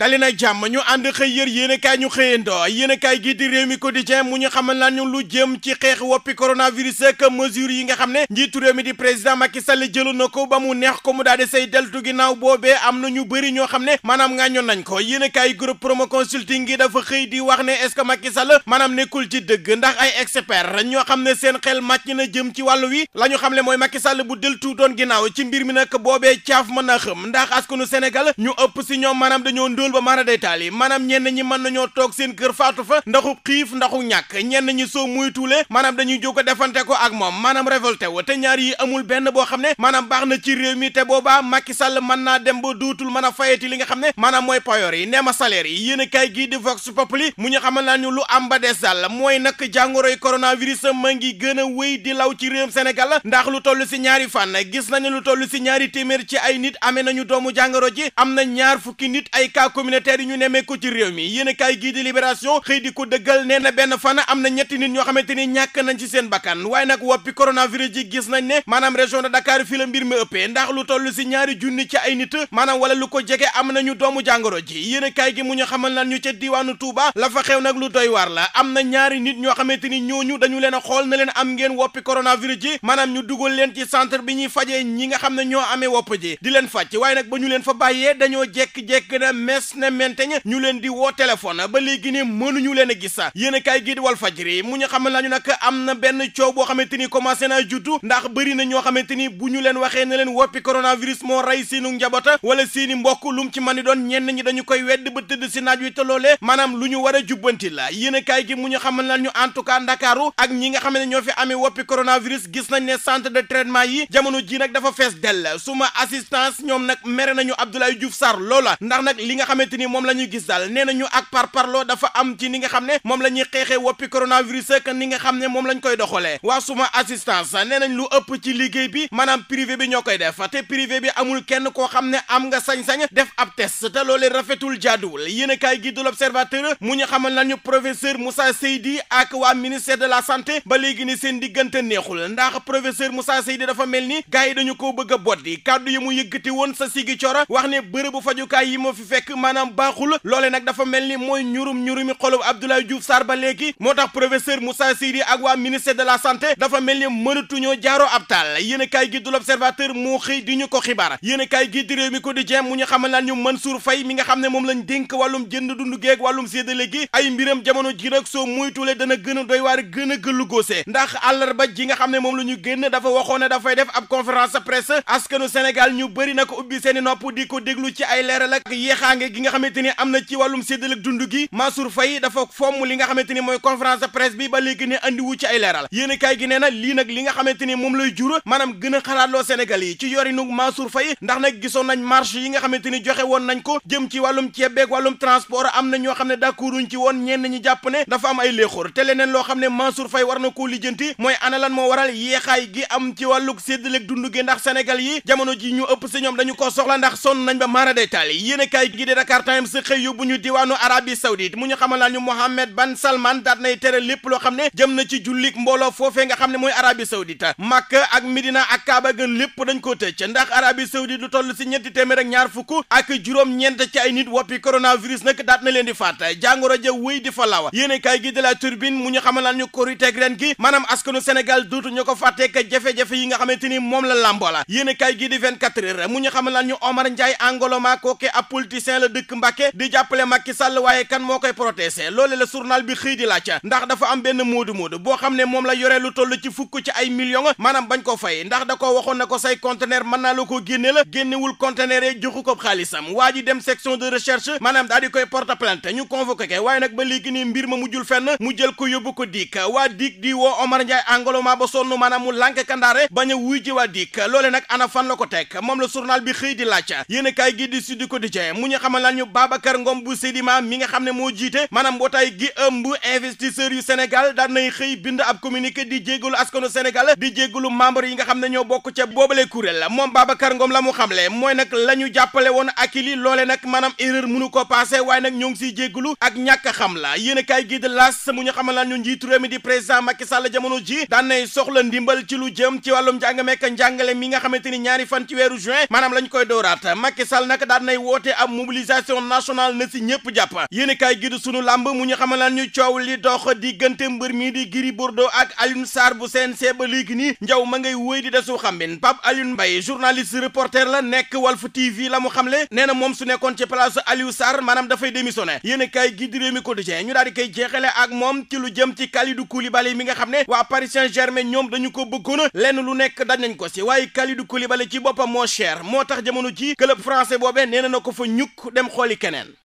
dali na jàmm ñu ànd xëy yër yéenekaay ñu xëyandoo yéenekaay gi di réew mi quotidien mu ñu xamal naa ñu lu jëm ci xeex woppi coronavirus ak mesure yi nga xam ne njiitu réew mi di président Macky Sall jëloon na ko ba mu neex ko mu daal di say deltu ginnaaw boobee am na ñu bëri ñoo xam ne maanaam ngàññoon nañ ko yéenekaay groupe promo consulting gi dafa xëy di wax ne est-ce que Macky Sall maanaam nekkul ci dëgg ndax ay expert ñoo xam ne seen xel màcc na jëm ci wàll wi la ñu xam ne mooy Macky Sall bu deltu doon ginnaaw ci mbir mi nag boobee caaf mën a xëm ndax askanu Sénégal ñu ëpp si ñoom maanaam dañoo demul ba maara day taal yi maanaam ñenn ñi mën nañoo toog seen kër faatu fa ndaxu xiif ndaxu ñàkk ñenn ñi soo muy tuule maanaam dañuy jóg ko defante ko ak moom maanaam révolté wu te ñaar yi amul benn boo xam ne maanaam baax na ci réew mi te boobaa Macky Sall mën naa dem ba duutul mën a fayati li nga xam ne maanaam mooy payoor yi nee ma salaire yi yéen a kaay gii di li Populi mu ñu xamal naa lu am ba des dàll mooy nag jàngoroy coronavirus ma ngi gën a wéy di law ci réewum Sénégal ndax lu toll si ñaari fànn gis nañu lu toll si ñaari téeméer ci ay nit amee nañu doomu jàngoro ji am na ñaar médias yi ñu nemmee ko ci réew mi yéen kaay gii di libération xëy di ko dëggal nee na benn fan am na ñetti nit ñoo xamante ni ñàkk nañ ci seen bakkan waaye nag woppi coronavirus ji gis nañ ne maanaam région de Dakar fii la mbir mi ëppee ndax lu toll si ñaari junni ci ay nit maanaam wala lu ko jege am na ñu doomu jàngoro ji yéen gi mu ñu xamal lan ñu ca diwaanu Touba la fa xew nag lu doy waar la am na ñaari nit ñoo xamante ni ñooñu dañu leen a xool na leen am ngeen woppi coronavirus ji maanaam ñu dugal leen ci centre bi ñuy fajee ñi nga xam ne ñoo amee wopp ji di leen faj waaye nag ba leen fa bàyyee dañoo jekk-jekk na des ñu leen di woo téléphone ba léegi ne mënuñu leen a gis yéen a kaay gii di Walfadjri mu ñu xamal na benn coow boo xamante ni commencé naa juddu ndax bëri na ñoo xamante ni bu ñu leen waxee ne leen woppi coronavirus moo rey seenu njaboota wala seeni mbokk lu mu ci mën di doon ñenn ñi dañu koy wedd ba tëdd si naaj wi te loolee maanaam lu ñu war a jubbanti la yéen a kaay gi mu ñu xamal na ñu en tout cas Ndakaaru ak ñi nga xam ne ñoo fi amee woppi coronavirus gis nañ ne sant de traitement yi jamono ji nag dafa fees dell suma assistance ñoom nag mere nañu Abdoulaye Diouf Sarr loola ndax nag li nga xamante ni moom la ñuy gis daal nee nañu ak parparloo dafa am ci ni nga xam ne moom la ñuy xeexee woppi coronavirus ak ni nga xam ne moom lañ koy doxalee waa suma assistance nee nañ lu ëpp ci liggéey bi maanaam privé bi ñoo koy def te privé bi amul kenn koo xam ne am nga sañ-sañ def ab test te loolee rafetul jaaduwul yéen a kaay gi du l'observateur mu ñu xamal nañu professeur Moussa Seydi ak waa ministère de la santé ba léegi ni seen diggante neexul ndax professeur Moussa Seydi dafa mel ni gars yi dañu koo bëgg a boddi kàddu yi mu yëkkati woon sa sigi coro wax ne fajukaay yi moo fi fekk maanaam baaxul loole nag dafa mel ni mooy ñurum ñurumi xolub Abdoulaye Diouf Sarr ba léegi moo tax professeur musa Seydi ak waa ministère de la santé dafa mel ni mënatuñoo jaaroo ab taal yéen a kaay gi du l'observateur moo xëy di ñu ko xibaar yéen kaay gi di réew mi quotidien mu ñu xamal naan ñu Mansour Faye mi nga xam ne moom lañ dénk wàllum jënd dundu geeg wàllum séddale gi ay mbiram jamono ji nag soo muytulee dana gën a doy waar gën a gëllu góose ndax àllarba ji nga xam ne moom la ñu génn dafa waxoon ne dafay def ab conférence presse askanu Sénégal ñu bëri na ko ubbi seeni nopp di ko déglu ci ay leeral ak yéexaange gi nga xamante ni am na ci wàllum séddale ak dund gi Mansour Faye dafa fomm li nga xamante ni mooy conférence de presse bi ba léegi ne andi wu ci ay leeral yéen kaay gi nee na lii nag li nga xamante ni moom lay jur maanaam gën a xalaatloo Sénégal yi ci yorinu Mansour Faye ndax nag gisoon nañ marche yi nga xamante ni joxe woon nañ ko jëm ci wàllum ceeb beeg wàllum transport am na ñoo xam ne d'accorduñ ci woon ñenn ñi jàpp ne dafa am ay léexóor te leneen loo xam ne Mansour Faye war na koo lijjanti mooy ana lan moo waral yeexaay gi am ci wàllu séddale dund gi ndax Sénégal yi jamono ji ñu ëpp si ñoom dañu ko soxla ndax sonn nañ ba maara day Dakar Times xëy yóbbu ñu diwaanu Arabie Saoudite mu ñu xamal ñu Mohammed Ban Salman daat nay tere lépp loo xam ne jëm na ci jullik mbooloo foofee nga xam ne mooy Arabie Saoudite Makka ak Medina ak Kaaba ga lépp dañ ko tëj ndax Arabie Saoudite lu toll si ñetti téeméer ak ñaar fukk ak juróom-ñeent ci ay nit woppi coronavirus nag daat na leen di faat jàngoro ja wéy di fa lawa yéen kaay gi de la turbine mu ñu xamal ñu koriteeg ren gi maanaam ko fàttee ka jafe-jafe ni moom la làmboola yéen kaay gi di dëkk Mbàkke di jàppale Macky Sall waaye kan moo koy protesté loole la journal bi xëy di laaj ndax dafa am benn moodu moodu boo xam ne moom la yore lu toll ci fukk ci ay millions maanaam bañ ko fay ndax da ko waxoon na ko say conteneur mën naa la ko génne la génnewul conteneur yi joxu ko xaalisam waa ji dem section de recherche maanaam daal di koy porte plainte ñu convoqué ko waaye nag ba léegi nii mbir ma mujjul fenn mu jël ko yóbbu ko dikk waa dikk di woo Omar Ndiaye Angoloma ba sonn maanaam mu lànk kandaare bañ a wuy ji waa dikk loole ana fan la ko teg moom la journal bi xëy di laaj yéen a kaay gi di Sud Quotidien mu ñu xamal ñu Babacar bu Sedima mi nga xam ne moo jiite maanaam mbootaay gi ëmb investisseurs yu Sénégal daan nay xëy bind ab communiqué di jéggalu askanu Sénégal di jéggalu membre yi nga xam ne ñoo bokk ca boobale kuréel moom Babacar Ngom la mu xamle mooy nag la ñu jàppale woon akili loole nag maanaam erreur mënu ko passé waaye nag ñoo ngi siy jéggalu ak ñàkk xam la yéen a kaay las mu ñu xamal ñu njiitu mi di président Macky Sall jamono ji daan nay soxla mi nga xamante ni ñaari fan ci weeru juin maanaam lañ koy dooraat mobilisation nationale na si ñëpp jàpp yéen i kaay gi du sunu làmb mu ñu xamal lan ñu coow li dox diggante mbër mii di Gris Bordeaux ak Alioune Sarr bu CNG ba léegi nii njaw ma ngay wéy di desu xambin Pape Alioune Mbaye journaliste reporter la nekk wal Walf TV la mu xamle nee na moom su nekkoon ci place Aliou Sarr maanaam dafay démissionné yéen i kaay gi di Rewmi Quotidien ñu daal di koy jeexale ak moom ci lu jëm ci Kalidou Koulibaly mi nga xam ne waa Paris Saint-Germain ñoom dañu ko bëggoon lenn lu nekk dañ nañ ko si waaye Kalidou Koulibaly ci boppam moo cher moo tax jamono ji club français boobee nee na na ko dem xooli keneen